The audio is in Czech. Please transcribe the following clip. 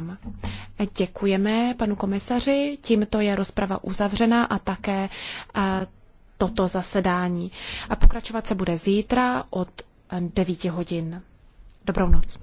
vám. Děkujeme panu komisaři, tímto je rozprava uzavřena a také eh, toto zasedání. A pokračovat se bude zítra od 9 eh, hodin. Dobrou noc.